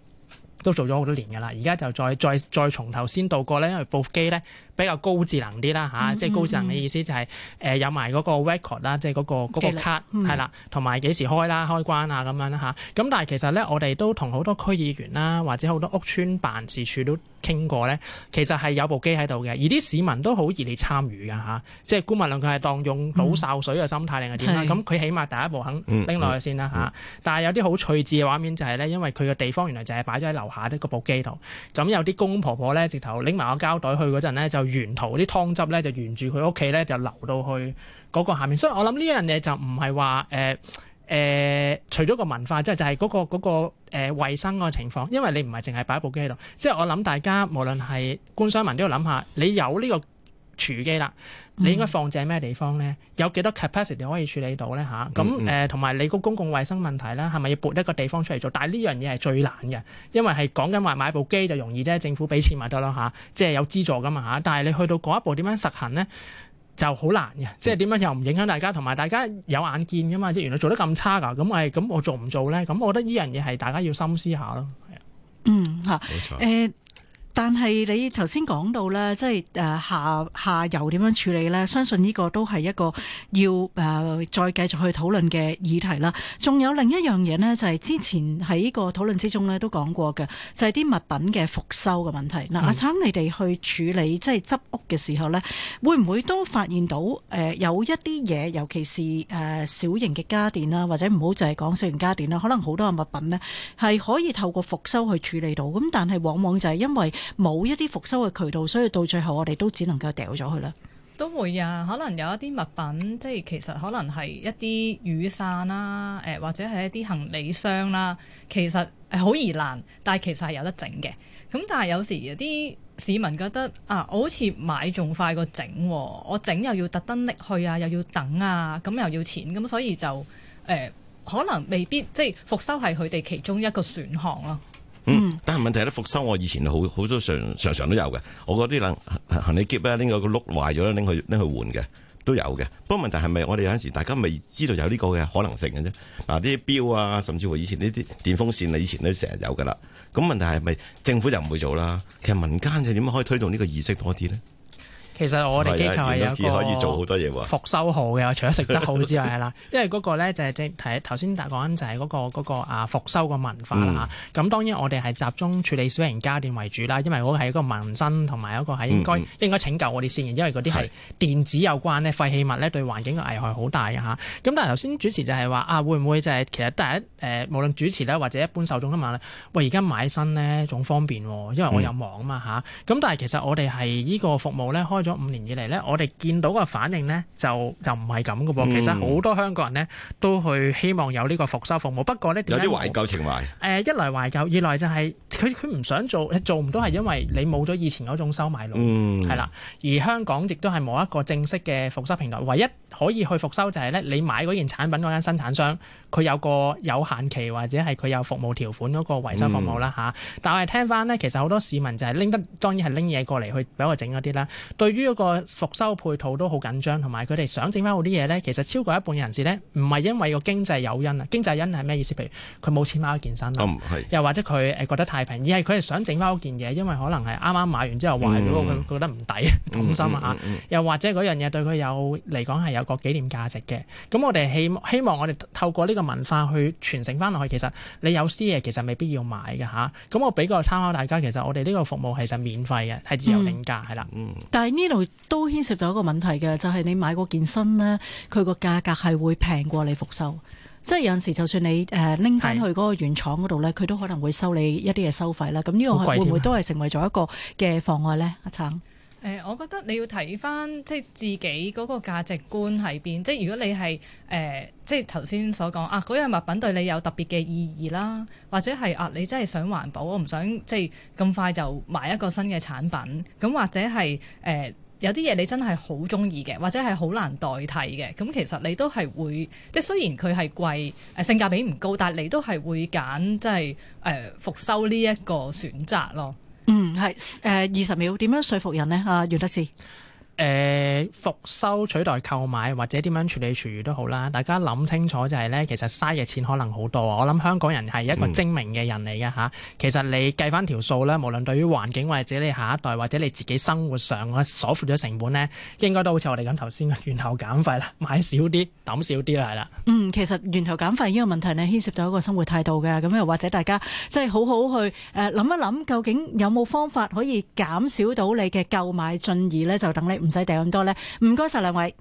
都做咗好多年㗎喇，而家就再再再從頭先度過咧，因為部機咧。比較高智能啲啦嚇，嗯、即係高智能嘅意思就係、是、誒、嗯呃、有埋嗰個 record 啦，即係嗰、那個嗰、那個 card 係啦，同埋幾時開啦開關啊咁樣啦嚇。咁但係其實咧，我哋都同好多區議員啦，或者好多屋邨辦事處都傾過咧，其實係有部機喺度嘅，而啲市民都好易你參與嘅嚇，即係居民兩佢係當用倒潲水嘅心態定係點啦。咁佢、嗯、是起碼第一步肯拎落去先啦嚇。嗯嗯、但係有啲好趣致嘅畫面就係、是、咧，因為佢嘅地方原來就係擺咗喺樓下啲嗰部機度，咁有啲公公婆婆咧，直頭拎埋個膠袋去嗰陣咧就。沿途啲湯汁咧，就沿住佢屋企咧，就流到去嗰個下面。所以我諗呢樣嘢就唔係話誒誒，除咗個文化之外，就係嗰個嗰個誒衛生個情況。因為你唔係淨係擺一部機喺度，即係我諗大家無論係官商民都要諗下，你有呢個。儲機啦，你應該放隻咩地方咧？有幾多 capacity 可以處理到咧？吓、啊，咁誒同埋你個公共衛生問題咧，係咪要撥一個地方出嚟做？但係呢樣嘢係最難嘅，因為係講緊話買部機就容易啫，政府俾錢咪得囉吓，即係有資助噶嘛嚇。但係你去到嗰一步點樣實行咧，就好難嘅。即係點樣又唔影響大家，同埋大家有眼見噶嘛？即原來做得咁差噶，咁係咁我做唔做咧？咁我覺得呢樣嘢係大家要深思下咯。係嗯嚇，冇、啊、錯誒。欸但係你頭先講到咧，即係誒下下游點樣處理咧？相信呢個都係一個要誒、呃、再繼續去討論嘅議題啦。仲有另一樣嘢呢，就係、是、之前喺個討論之中咧都講過嘅，就係、是、啲物品嘅復修嘅問題。嗱、嗯，阿橙你哋去處理即係執屋嘅時候呢，會唔會都發現到誒有一啲嘢，尤其是誒小型嘅家電啦，或者唔好淨係講小型家電啦，可能好多嘅物品呢係可以透過復修去處理到。咁但係往往就係因為冇一啲復修嘅渠道，所以到最後我哋都只能夠掉咗佢啦。都會啊，可能有一啲物品，即係其實可能係一啲雨傘啦，誒、呃、或者係一啲行李箱啦，其實好易爛，但係其實係有得整嘅。咁但係有時有啲市民覺得啊，我好似買仲快過整，啊，我整又要特登拎去啊，又要等啊，咁又要錢，咁所以就誒、呃、可能未必即係復修係佢哋其中一個選項咯。嗯，但係問題咧，復修我以前好好多常常常都有嘅，我嗰啲行行李篋咧，拎個個轆壞咗咧，拎去拎去換嘅都有嘅。不過問題係咪我哋有陣時大家未知道有呢個嘅可能性嘅啫？嗱，啲表啊，甚至乎以前呢啲電風扇啊，以前都成日有噶啦。咁問題係咪政府就唔會做啦？其實民間又點可以推動呢個意識多啲咧？其實我哋機構係有個復修好嘅，除咗食得好之外係啦， 因為嗰個咧就係即係頭先大家講緊就係嗰個啊、那個、復修個文化啦嚇。咁、嗯啊、當然我哋係集中處理小型家電為主啦，因為我係一個民生同埋一個係應該、嗯、應該拯救我哋先，因為嗰啲係電子有關咧是廢棄物咧，對環境嘅危害好大嘅嚇。咁、啊、但係頭先主持就係話啊，會唔會就係、是、其實第一誒無論主持咧或者一般受眾啊嘛，喂而家買新咧仲方便喎，因為我有網啊嘛嚇。咁但係其實我哋係呢個服務咧開。咁五年以嚟咧，我哋見到嘅反應咧，就就唔係咁嘅喎。其實好多香港人咧都去希望有呢個復修服務，不過咧有啲懷舊情懷。誒，一嚟懷舊，二嚟就係佢佢唔想做，做唔到係因為你冇咗以前嗰種收買佬，係啦。而香港亦都係冇一個正式嘅復修平台，唯一可以去復修就係咧你買嗰件產品嗰間生產商。佢有個有限期，或者係佢有服務條款嗰個維修服務啦吓、嗯啊，但我係聽翻咧，其實好多市民就係拎得當然係拎嘢過嚟去俾我整嗰啲啦。對於一個復修配套都好緊張，同埋佢哋想整翻好啲嘢咧，其實超過一半人士咧唔係因為個經濟誘因啊，經濟因係咩意思？譬如佢冇錢買一件衫，又或者佢誒覺得太平，而係佢係想整翻嗰件嘢，因為可能係啱啱買完之後壞咗，佢覺得唔抵痛心啊。又或者嗰樣嘢對佢有嚟講係有個紀念價值嘅。咁我哋希望希望我哋透過呢、這個文化去傳承翻落去，其實你有啲嘢，其實未必要買嘅吓。咁、啊、我俾個參考大家，其實我哋呢個服務係實免費嘅，係自由定價係啦。嗯、的但係呢度都牽涉到一個問題嘅，就係、是、你買嗰件新呢，佢個價格係會平過你復修。即係有陣時就算你誒拎翻去嗰個原廠嗰度呢，佢都可能會收你一啲嘅收費啦。咁呢的個會唔會都係成為咗一個嘅妨礙呢？阿橙。誒、呃，我覺得你要睇翻即係自己嗰個價值觀喺邊。即係如果你係誒、呃，即係頭先所講啊，嗰樣物品對你有特別嘅意義啦，或者係啊，你真係想環保，我唔想即係咁快就買一個新嘅產品。咁或者係誒、呃，有啲嘢你真係好鍾意嘅，或者係好難代替嘅。咁其實你都係會，即係雖然佢係貴誒、呃，性價比唔高，但係你都係會揀即係誒、呃、復修呢一個選擇咯。嗯，係，誒、呃，二十秒，點樣說服人呢？啊，袁德志。誒、呃、復收取代購買或者點樣處理廚餘餘都好啦，大家諗清楚就係、是、咧，其實嘥嘅錢可能好多，我諗香港人係一個精明嘅人嚟嘅嚇，嗯、其實你計翻條數咧，無論對於環境或者你下一代或者你自己生活上所付咗成本咧，應該都好似我哋咁頭先，源頭減費啦，買少啲，抌少啲係啦。嗯，其實源頭減費呢個問題呢，牽涉到一個生活態度嘅，咁又或者大家即係好好去誒諗、呃、一諗，究竟有冇方法可以減少到你嘅購買進而咧，就等你。唔使掟咁多咧，唔該晒兩位。